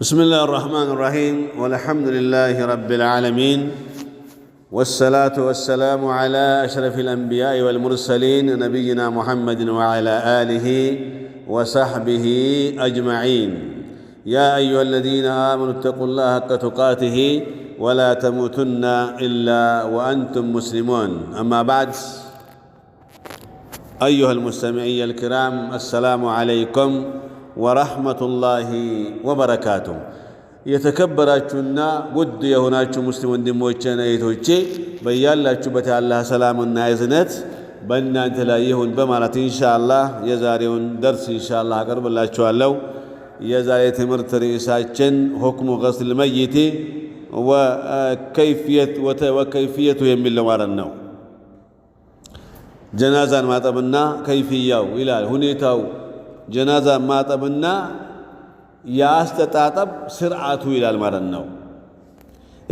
بسم الله الرحمن الرحيم والحمد لله رب العالمين والصلاة والسلام على أشرف الأنبياء والمرسلين نبينا محمد وعلى آله وصحبه أجمعين يا أيها الذين آمنوا اتقوا الله حق تقاته ولا تموتن إلا وأنتم مسلمون أما بعد أيها المستمعي الكرام السلام عليكم ወረህመቱላሂ ወበረካቱ። የተከበራችሁና ውድ የሆናችሁ ሙስሊም ወንድሞቼና እህቶቼ በያላችሁበት የአላህ ሰላምና እዝነት በእናንተ ላይ ይሁን በማለት ኢንሻአላህ የዛሬውን ደርስ ኢንሻአላህ አቀርብላችኋለሁ። የዛሬ ትምህርት ርዕሳችን ሁክሙ ገስል መይት ወከይፍየቱ የሚል ነው ማለት ነው። ጀናዛን ማጠብና ከይፍያው ይላል ሁኔታው ጀናዛ ማጠብና የአስተጣጠብ ስርዓቱ ይላል ማለት ነው።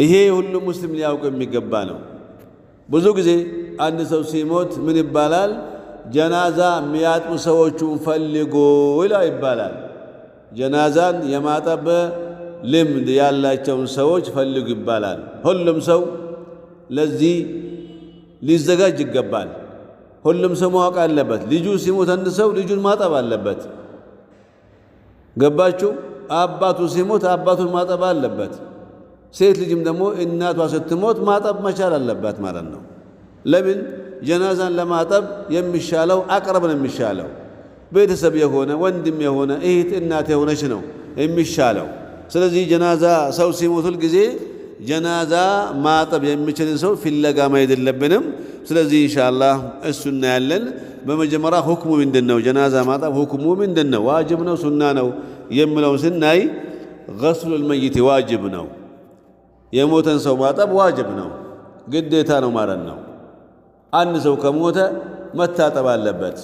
ይሄ ሁሉም ሙስሊም ሊያውቅ የሚገባ ነው። ብዙ ጊዜ አንድ ሰው ሲሞት ምን ይባላል? ጀናዛ የሚያጥቡ ሰዎቹን ፈልጎ ይላ ይባላል። ጀናዛን የማጠብ ልምድ ያላቸውን ሰዎች ፈልጉ ይባላል። ሁሉም ሰው ለዚህ ሊዘጋጅ ይገባል። ሁሉም ሰው ማወቅ አለበት። ልጁ ሲሞት አንድ ሰው ልጁን ማጠብ አለበት። ገባችሁ? አባቱ ሲሞት አባቱን ማጠብ አለበት። ሴት ልጅም ደግሞ እናቷ ስትሞት ማጠብ መቻል አለባት ማለት ነው። ለምን ጀናዛን ለማጠብ የሚሻለው አቅረብ ነው የሚሻለው ቤተሰብ የሆነ ወንድም የሆነ እህት እናት የሆነች ነው የሚሻለው። ስለዚህ ጀናዛ ሰው ሲሞት ሁል ጊዜ ጀናዛ ማጠብ የሚችልን ሰው ፍለጋ ማየት የለብንም። ስለዚህ ኢንሻአላህ እሱ እናያለን። በመጀመሪያ ሁክሙ ምንድን ነው? ጀናዛ ማጠብ ሁክሙ ምንድን ነው? ዋጅብ ነው ሱና ነው የምለውን ስናይ ገስሉል ልመይት ዋጅብ ነው። የሞተን ሰው ማጠብ ዋጅብ ነው፣ ግዴታ ነው ማለት ነው። አንድ ሰው ከሞተ መታጠብ አለበት፣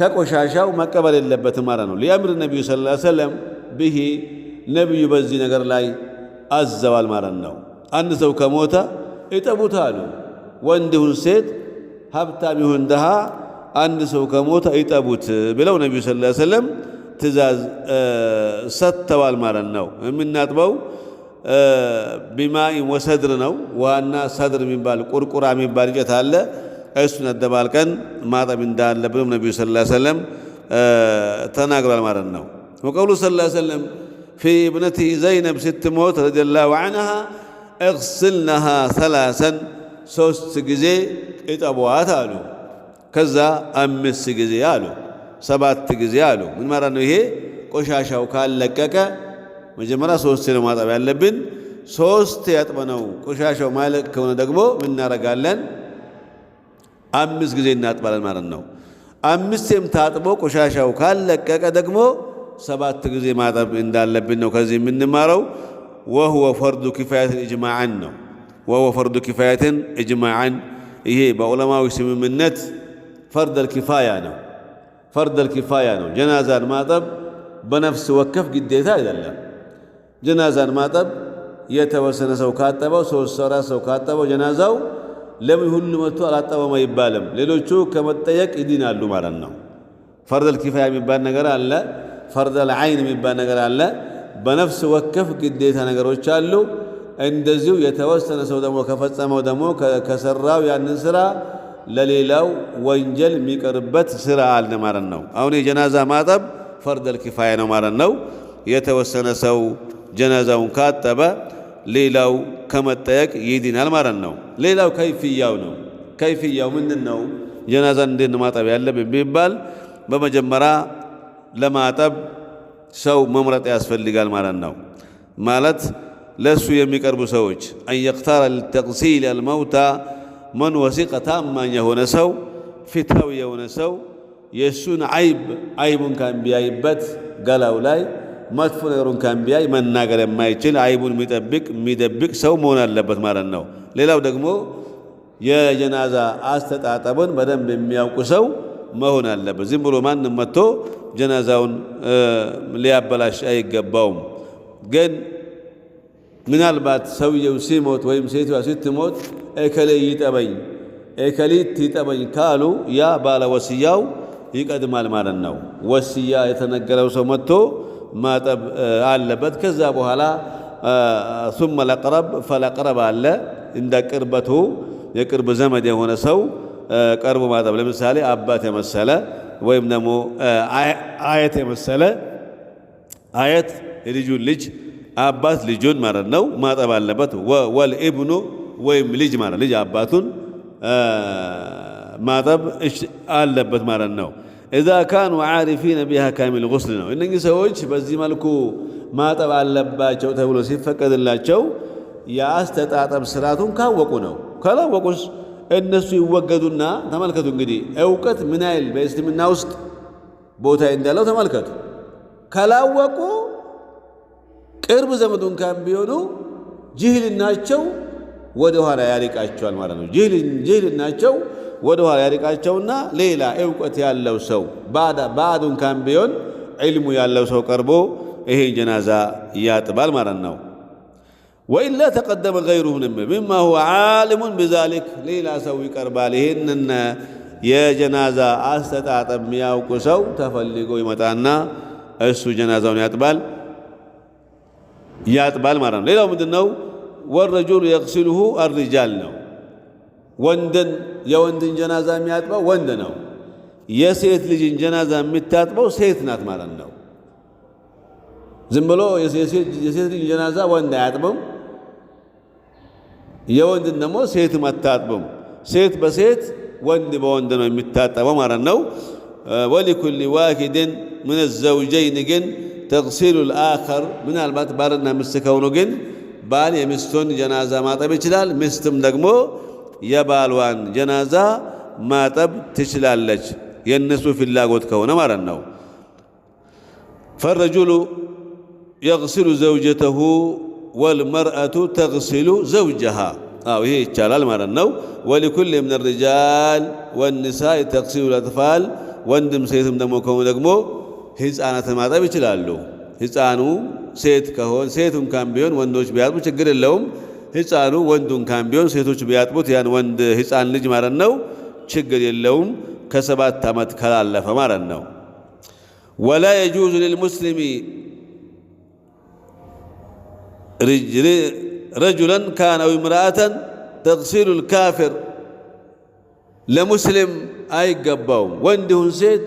ከቆሻሻው መቀበል የለበትም ማለት ነው። ሊአምር ነቢዩ ስ ሰለም ብሄ ነቢዩ በዚህ ነገር ላይ አዘዋል ማለት ነው። አንድ ሰው ከሞተ እጠቡት አሉ። ወንድ ይሁን ሴት፣ ሀብታም ይሁን ድሃ፣ አንድ ሰው ከሞተ ይጠቡት ብለው ነቢዩ ስ ላ ወሰለም ትእዛዝ ሰጥተዋል ማለት ነው። የምናጥበው ቢማኢ ወሰድር ነው። ዋና ሰድር የሚባል ቁርቁራ የሚባል እንጨት አለ። እሱን አደባልቀን ማጠብ እንዳለብንም ነቢዩ ስ ላ ወሰለም ተናግሯል ማለት ነው። ወቀውሉ ስ ላ ወሰለም في ابنته ዘይነብ ስትሞት ረዲ ላሁ ዐንሃ እኽስልነሃ ሰላሰን ሶስት ጊዜ እጠቧት አሉ። ከዛ አምስት ጊዜ አሉ፣ ሰባት ጊዜ አሉ። ምን ማለት ነው? ይሄ ቆሻሻው ካለቀቀ መጀመሪያ ሶስት ነው ማጠብ ያለብን። ሶስት ያጥበነው ቆሻሻው ማለቅ ከሆነ ደግሞ ምን እናደርጋለን? አምስት ጊዜ እናጥባለን ማለት ነው። አምስቴም ታጥቦ ቆሻሻው ካለቀቀ ደግሞ ሰባት ጊዜ ማጠብ እንዳለብን ነው ከዚህ የምንማረው። ወሁወ ፈርዱ ኪፋያትን እጅማዓን ነው። ወሁወ ፈርዱ ኪፋያትን እጅማዓን ይሄ በዑለማዊ ስምምነት ፈርደል ኪፋያ ነው። ፈርደል ኪፋያ ነው። ጀናዛን ማጠብ በነፍስ ወከፍ ግዴታ አይደለም። ጀናዛን ማጠብ የተወሰነ ሰው ካጠበው፣ ሶስት አራት ሰው ካጠበው ጀናዛው ለምን ሁሉ መጥቶ አላጠበም አይባልም። ሌሎቹ ከመጠየቅ ይድናሉ ማለት ነው። ፈርደል ኪፋያ የሚባል ነገር አለ። ፈርደል ዓይን የሚባል ነገር አለ። በነፍስ ወከፍ ግዴታ ነገሮች አሉ። እንደዚሁ የተወሰነ ሰው ደግሞ ከፈጸመው ደግሞ ከሰራው ያንን ስራ ለሌላው ወንጀል የሚቀርበት ስራ አለ ማለት ነው። አሁን የጀናዛ ማጠብ ፈርደል ኪፋያ ነው ማለት ነው። የተወሰነ ሰው ጀናዛውን ካጠበ ሌላው ከመጠየቅ ይድናል ማለት ነው። ሌላው ከይፍያው ነው። ከይፍያው ምንድን ነው? ጀናዛን እንዴት ማጠብ ያለብን ቢባል በመጀመሪያ ለማጠብ ሰው መምረጥ ያስፈልጋል ማለት ነው። ማለት ለእሱ የሚቀርቡ ሰዎች አን የክታረ ልተቅሲል አልመውታ መን ወሲቀ ታማኝ የሆነ ሰው ፊታዊ የሆነ ሰው የእሱን አይብ አይቡን ካንቢያይበት ገላው ላይ መጥፎ ነገሩን ካንቢያይ መናገር የማይችል አይቡን የሚጠብቅ የሚደብቅ ሰው መሆን አለበት ማለት ነው። ሌላው ደግሞ የጀናዛ አስተጣጠብን በደንብ የሚያውቁ ሰው መሆን አለበት። ዝም ብሎ ማንም መጥቶ ጀናዛውን ሊያበላሽ አይገባውም። ግን ምናልባት ሰውየው ሲሞት ወይም ሴትዮዋ ስትሞት እከሌ ይጠበኝ እከሊት ይጠበኝ ካሉ ያ ባለ ወስያው ይቀድማል ማለት ነው። ወስያ የተነገረው ሰው መጥቶ ማጠብ አለበት። ከዛ በኋላ ሱመ ለቅረብ ፈለቅረብ አለ እንደ ቅርበቱ የቅርብ ዘመድ የሆነ ሰው ቀርቦ ማጠብ፣ ለምሳሌ አባት የመሰለ ወይም ደግሞ አየት የመሰለ አየት የልጁን ልጅ አባት ልጁን ማለት ነው ማጠብ አለበት። ወልኢብኑ ወይም ልጅ ማለት ልጅ አባቱን ማጠብ አለበት ማለት ነው። ኢዛ ካኑ ዓሪፊነ ቢሃ ካሚል ጉስል ነው። እነኚህ ሰዎች በዚህ መልኩ ማጠብ አለባቸው ተብሎ ሲፈቀድላቸው የአስተጣጠብ ስርዓቱን ካወቁ ነው። ካላወቁስ እነሱ ይወገዱና ተመልከቱ እንግዲህ እውቀት ምን ያህል በእስልምና ውስጥ ቦታ እንዳለው ተመልከቱ። ካላወቁ ቅርብ ዘመዱን ካም ቢሆኑ ጅህልናቸው ወደ ኋላ ያሪቃቸዋል ማለት ነው። ጅህልናቸው ወደ ኋላ ያሪቃቸውና ሌላ እውቀት ያለው ሰው ባዕዱን ካም ቢሆን ዕልሙ ያለው ሰው ቀርቦ ይሄ ጀናዛ ያጥባል ማለት ነው። ወኢላ ተቀደመ ገይሩ ምማ ሁወ ዓሊሙን ብዛሊክ ሌላ ሰው ይቀርባል። ይህንን የጀናዛ አስተጣጠብ የሚያውቁ ሰው ተፈልጎ ይመጣና እሱ ጀናዛውን ያጥባል ያጥባል ማለት ነው። ሌላው ምንድን ነው? ወረጁሉ የቅሲሉሁ አርጃል ነው። ወንድን የወንድን ጀናዛ የሚያጥበው ወንድ ነው። የሴት ልጅን ጀናዛ የሚታጥበው ሴት ናት ማለት ነው። ዝም ብሎ የሴት ልጅ ጀናዛ ወንድ አያጥበም የወንድን ደግሞ ሴትም አታጥብም። ሴት በሴት ወንድ በወንድ ነው የሚታጠበው ማለት ነው። ወሊኩል ዋሂድን ምን ዘውጀይን ግን ተቅሲሉ ልአኸር ምናልባት ባልና ሚስት ከሆኑ ግን ባል የሚስቱን ጀናዛ ማጠብ ይችላል። ሚስትም ደግሞ የባልዋን ጀናዛ ማጠብ ትችላለች፣ የእነሱ ፍላጎት ከሆነ ማለት ነው። ፈረጁሉ የቅሲሉ ዘውጀተሁ ወልመርአቱ ተግሲሉ ዘውጀሃ አው ይሄ ይቻላል ማለት ነው። ወሊኩል ምን ሪጃል ወኒሳኢ ተግሲሉ አጥፋል ወንድም ሴትም ደግሞ ከሆኑ ደግሞ ህፃናት ማጠብ ይችላሉ። ህፃኑ ሴት ከሆን ሴቱ እንኳን ቢሆን ወንዶች ቢያጥቡ ችግር የለውም። ህፃኑ ወንዱ እንኳን ቢሆን ሴቶች ቢያጥቡት ያን ወንድ ህፃን ልጅ ማለት ነው ችግር የለውም፣ ከሰባት ዓመት ካላለፈ ማለት ነው። ወላ የጁዙ ሊልሙስሊሚ ረጁለን ካን ምርአተን ተቅሲሉ ልካፊር ለሙስሊም አይገባውም። ወንድ ይሁን ሴት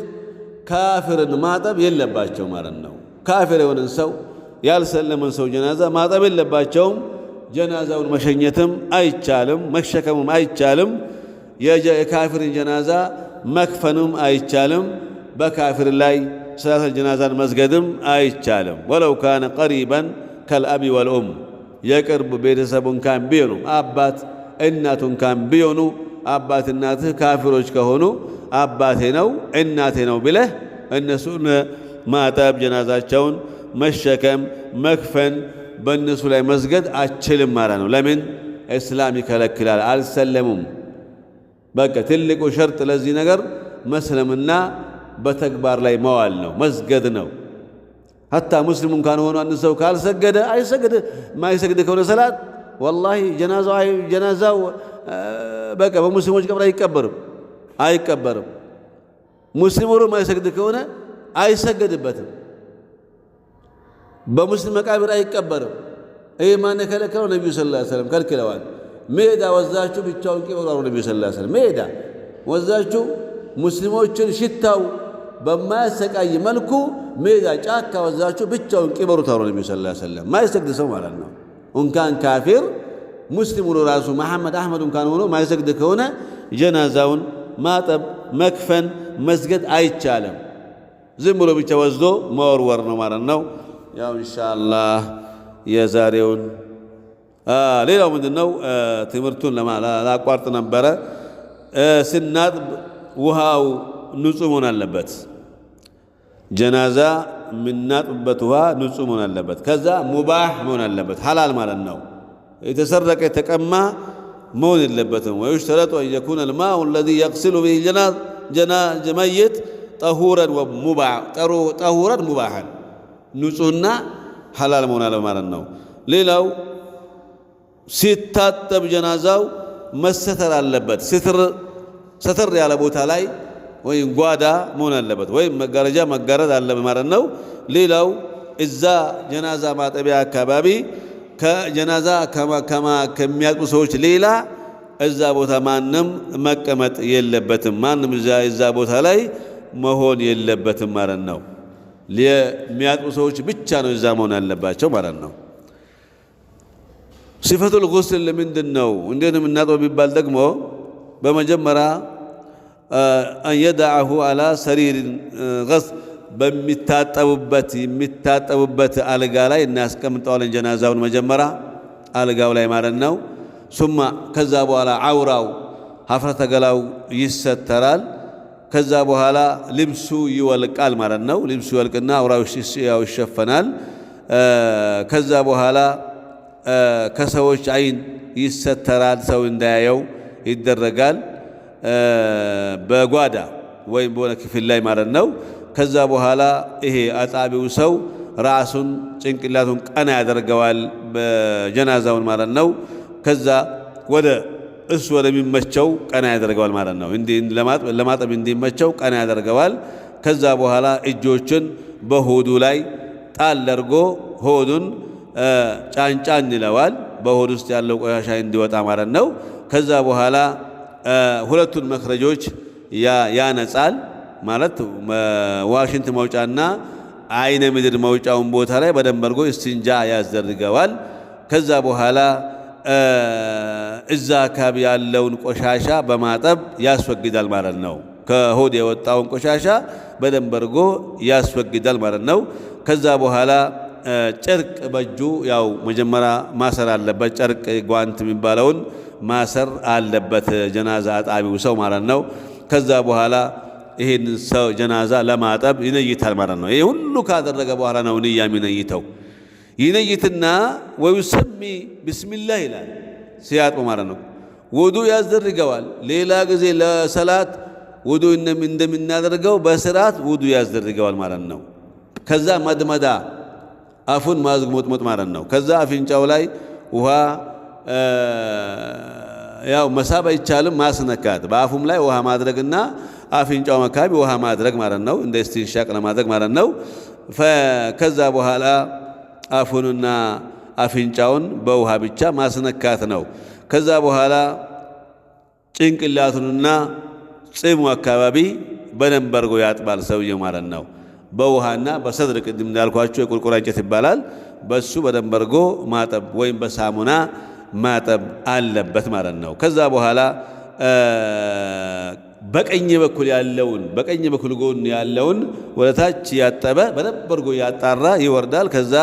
ካፍርን ማጠብ የለባቸው ማለት ነው። ካፍር የሆነን ሰው ያልሰለመን ሰው ጀናዛ ማጠብ የለባቸውም። ጀናዛውን መሸኘትም አይቻልም፣ መሸከምም አይቻልም። የካፊርን ጀናዛ መክፈንም አይቻልም። በካፊር ላይ ሰላተ ጀናዛን መስገድም አይቻልም ወለው ካነ ቀሪበን ከልአቢ ወልኡም የቅርብ ቤተሰቡን እንኳን ቢሆኑ አባት እናቱን እንኳን ቢሆኑ አባት እናትህ ካፊሮች ከሆኑ አባቴ ነው እናቴ ነው ብለህ እነሱን ማጠብ፣ ጀናዛቸውን መሸከም፣ መክፈን፣ በእነሱ ላይ መስገድ አችልም ማለት ነው። ለምን እስላም ይከለክላል። አልሰለሙም። በቃ ትልቁ ሸርጥ ለዚህ ነገር መስለምና በተግባር ላይ መዋል ነው መስገድ ነው። ሀታ ሙስሊሙ እንኳን ሆኖ አንድ ሰው ካልሰገደ አይሰገድ ማይሰግድ ከሆነ ሰላት ወላሂ ጀናዛው በቃ በሙስሊሞች ቀብር አይቀበርም አይቀበርም። ሙስሊም ማይሰግድ ከሆነ አይሰገድበትም፣ በሙስሊም መቃብር አይቀበርም። ይህ ማን የከለከለው? ነቢዩ ስለ ላ ሰለም ከልክለዋል። ሜዳ ወዛችሁ ብቻውን ቂበሩ አሉ ነቢዩ ስለ ላ ሰለም ሜዳ ወዛችሁ ሙስሊሞችን ሽታው በማያሰቃይ መልኩ ሜዳ ጫካ ወዛችሁ ብቻውን ቅበሩ ተብሎ ነቢዩ ስላ ሰለም ማይሰግድ ሰው ማለት ነው። እንኳን ካፊር ሙስሊም ሆኖ ራሱ መሐመድ አህመድ እንኳን ሆኖ ማይሰግድ ከሆነ ጀናዛውን ማጠብ፣ መክፈን፣ መስገድ አይቻልም። ዝም ብሎ ብቻ ወስዶ መወርወር ነው ማለት ነው። ያው ኢንሻአላህ የዛሬውን ሌላው ምንድን ነው ትምህርቱን ላቋርጥ ነበረ ስናጥብ ውሃው ንጹህ መሆን አለበት። ጀናዛ የምናጥብበት ውሃ ንጹህ መሆን አለበት። ከዛ ሙባህ መሆን አለበት፣ ሐላል ማለት ነው። የተሰረቀ የተቀማ መሆን የለበትም። ወዩሽተረጡ አን የኩነ ልማኡ አለዚ የቅሲሉ ብሂ መይት ጠሁረን ጠሁረን ሙባሐን ንጹህና ሐላል መሆን አለ ማለት ነው። ሌላው ሲታጠብ ጀናዛው መሰተር አለበት። ስተር ያለ ቦታ ላይ ወይም ጓዳ መሆን አለበት ወይም መጋረጃ መጋረድ አለ ማለት ነው። ሌላው እዛ ጀናዛ ማጠቢያ አካባቢ ከጀናዛ ከሚያጥቡ ሰዎች ሌላ እዛ ቦታ ማንም መቀመጥ የለበትም። ማንም እዛ ቦታ ላይ መሆን የለበትም ማለት ነው። የሚያጥቡ ሰዎች ብቻ ነው እዛ መሆን ያለባቸው ማለት ነው። ሲፈቱል ጉስል ምንድን ነው? እንዴት የምናጥበው ቢባል ደግሞ በመጀመሪያ አንየዳዐሁ አላ ሰሪሪን ገስ በሚታጠቡበት የሚታጠቡበት አልጋ ላይ እናያስቀምጠዋለን። ጀናዛውን መጀመሪያ አልጋው ላይ ማለት ነው። ሱማ ከዛ በኋላ አውራው ሀፍረተ ገላው ይሰተራል። ከዛ በኋላ ልብሱ ይወልቃል ማለት ነው። ልብሱ ይወልቅና ዐውራው ያው ይሸፈናል። ከዛ በኋላ ከሰዎች አይን ይሰተራል፣ ሰው እንዳያየው ይደረጋል። በጓዳ ወይም በሆነ ክፍል ላይ ማለት ነው። ከዛ በኋላ ይሄ አጣቢው ሰው ራሱን ጭንቅላቱን ቀና ያደርገዋል፣ በጀናዛውን ማለት ነው። ከዛ ወደ እሱ ወደሚመቸው ቀና ያደርገዋል ማለት ነው። ለማጠብ እንዲመቸው ቀና ያደርገዋል። ከዛ በኋላ እጆችን በሆዱ ላይ ጣል አድርጎ ሆዱን ጫንጫን ይለዋል፣ በሆድ ውስጥ ያለው ቆሻሻ እንዲወጣ ማለት ነው። ከዛ በኋላ ሁለቱን መክረጆች ያነጻል። ማለት ዋሽንት መውጫና አይነ ምድር መውጫውን ቦታ ላይ በደንብ አድርጎ እስቲንጃ ያስደርገዋል። ከዛ በኋላ እዛ አካባቢ ያለውን ቆሻሻ በማጠብ ያስወግዳል ማለት ነው። ከሆድ የወጣውን ቆሻሻ በደንብ አድርጎ ያስወግዳል ማለት ነው። ከዛ በኋላ ጨርቅ በእጁ ያው መጀመሪያ ማሰር አለበት። ጨርቅ ጓንት የሚባለውን ማሰር አለበት፣ ጀናዛ አጣቢው ሰው ማለት ነው። ከዛ በኋላ ይህን ሰው ጀናዛ ለማጠብ ይነይታል ማለት ነው። ይህ ሁሉ ካደረገ በኋላ ነው ንያ የሚነይተው። ይነይትና ወዩሰሚ ብስሚላህ ይላል ሲያጥቡ ማለት ነው። ውዱ ያስደርገዋል። ሌላ ጊዜ ለሰላት ውዱ እንደምናደርገው በስርዓት ውዱ ያስደርገዋል ማለት ነው። ከዛ መድመዳ አፉን ማዝግሞጥሞጥ ማለት ነው። ከዛ አፍንጫው ላይ ውሃ ያው መሳብ አይቻልም፣ ማስነካት በአፉም ላይ ውሃ ማድረግና አፍንጫው አካባቢ ውሃ ማድረግ ማለት ነው፣ እንደ ስቲንሻቅ ለማድረግ ማለት ነው። ከዛ በኋላ አፉንና አፍንጫውን በውሃ ብቻ ማስነካት ነው። ከዛ በኋላ ጭንቅላቱንና ጽሙ አካባቢ በደንብ አድርጎ ያጥባል ሰውየው ማለት ነው። በውሃና በሰድር ቅድም እንዳልኳቸው የቁርቁራ እንጨት ይባላል። በሱ በደንብ አድርጎ ማጠብ ወይም በሳሙና ማጠብ አለበት ማለት ነው። ከዛ በኋላ በቀኝ በኩል ያለውን በቀኝ በኩል ጎን ያለውን ወደታች ያጠበ በደንብ አድርጎ ያጣራ ይወርዳል። ከዛ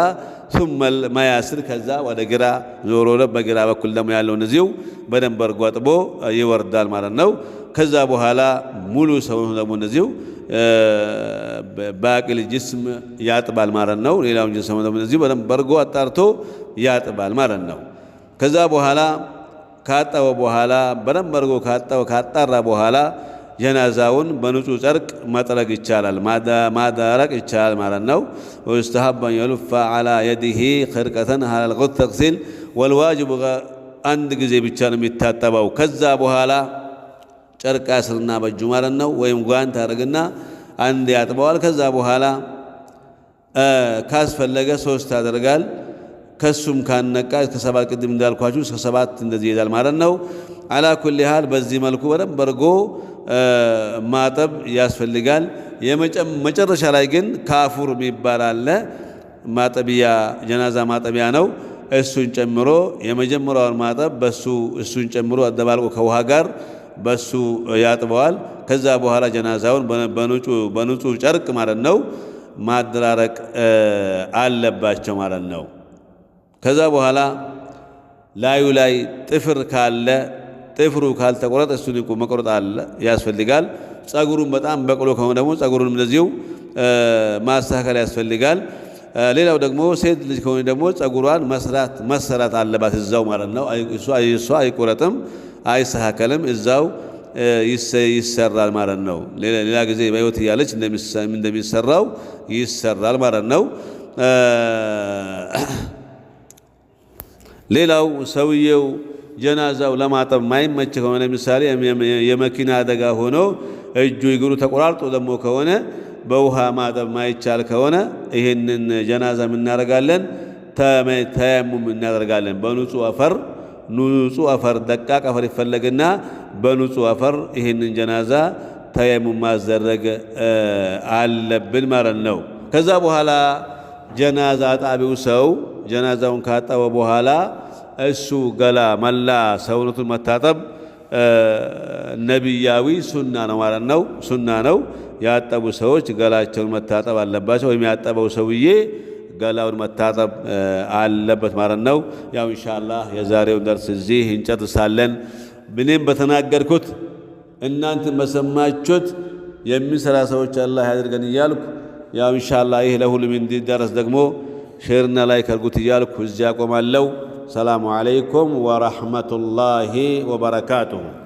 ሱመል ማያስር ከዛ ወደ ግራ ዞሮ በግራ በኩል ደግሞ ያለውን እዚው በደንብ አድርጎ አጥቦ ይወርዳል ማለት ነው። ከዛ በኋላ ሙሉ ሰውን ደግሞ እዚሁ በአቅል ጅስም ያጥባል ማለት ነው። ሌላውን ጅስም ደግሞ እዚሁ በደንብ አድርጎ አጣርቶ ያጥባል ማለት ነው። ከዛ በኋላ ካጠበ በኋላ በደንብ አድርጎ ካጠበ ካጣራ በኋላ ጀናዛውን በንጹህ ጨርቅ መጥረግ ይቻላል፣ ማዳረቅ ይቻላል ማለት ነው። ወይስተሀብ አን የሉፋ ዐላ የዲሂ ኽርቀተን ሀለል ቁተቅ ሲል ወልዋጅቡ አንድ ጊዜ ብቻ ነው የሚታጠበው። ከዛ በኋላ ጨርቅ ያስርና በእጁ ማለት ነው፣ ወይም ጓንት አድርግና አንድ ያጥበዋል። ከዛ በኋላ ካስፈለገ ሶስት ያደርጋል። ከሱም ካነቃ እስከ ሰባት ቅድም እንዳልኳችሁ እስከ ሰባት እንደዚህ ይሄዳል ማለት ነው። አላ ኩል ያህል በዚህ መልኩ በደንብ አድርጎ ማጠብ ያስፈልጋል። መጨረሻ ላይ ግን ካፉር የሚባል አለ፣ ማጠቢያ ጀናዛ ማጠቢያ ነው። እሱን ጨምሮ የመጀመሪያውን ማጠብ በሱ እሱን ጨምሮ አደባልቆ ከውሃ ጋር በሱ ያጥበዋል። ከዛ በኋላ ጀናዛውን በንጹህ ጨርቅ ማለት ነው ማደራረቅ አለባቸው ማለት ነው። ከዛ በኋላ ላዩ ላይ ጥፍር ካለ ጥፍሩ ካልተቆረጠ እሱን መቆረጥ አለ ያስፈልጋል። ጸጉሩን በጣም በቅሎ ከሆነ ደግሞ ጸጉሩን እንደዚሁ ማስተካከል ያስፈልጋል። ሌላው ደግሞ ሴት ልጅ ከሆነ ደግሞ ጸጉሯን መስራት መሰራት አለባት እዛው ማለት ነው። እሱ አይቆረጥም፣ አይስተካከልም፣ እዛው ይሰራል ማለት ነው። ሌላ ጊዜ በሕይወት እያለች እንደሚሰራው ይሰራል ማለት ነው። ሌላው ሰውየው ጀናዛው ለማጠብ ማይመች ከሆነ ምሳሌ የመኪና አደጋ ሆኖ እጁ እግሩ ተቆራርጦ ደግሞ ከሆነ በውሃ ማጠብ ማይቻል ከሆነ ይህንን ጀናዛ እናደርጋለን፣ ተያሙም እናደርጋለን። በንጹህ አፈር ንጹህ አፈር ደቃቅ አፈር ይፈለግና በንጹህ አፈር ይህንን ጀናዛ ተያሙም ማዘረግ አለብን ማለት ነው። ከዛ በኋላ ጀናዛ ጣቢው ሰው ጀናዛውን ካጠበ በኋላ እሱ ገላ መላ ሰውነቱን መታጠብ ነቢያዊ ሱና ነው ማለት ነው። ሱና ነው። ያጠቡ ሰዎች ገላቸውን መታጠብ አለባቸው፣ ወይም ያጠበው ሰውዬ ገላውን መታጠብ አለበት ማለት ነው። ያው ኢንሻአላህ የዛሬውን ደርስ እዚህ እንጨርሳለን። እኔም በተናገርኩት እናንተ በሰማችሁት የሚሰራ ሰዎች አላህ ያድርገን እያልኩ ያው ኢንሻአላህ ይህ ለሁሉም እንዲደረስ ደግሞ خيرنا لايك القتيال كوزياكم اللو سلام عليكم ورحمة الله وبركاته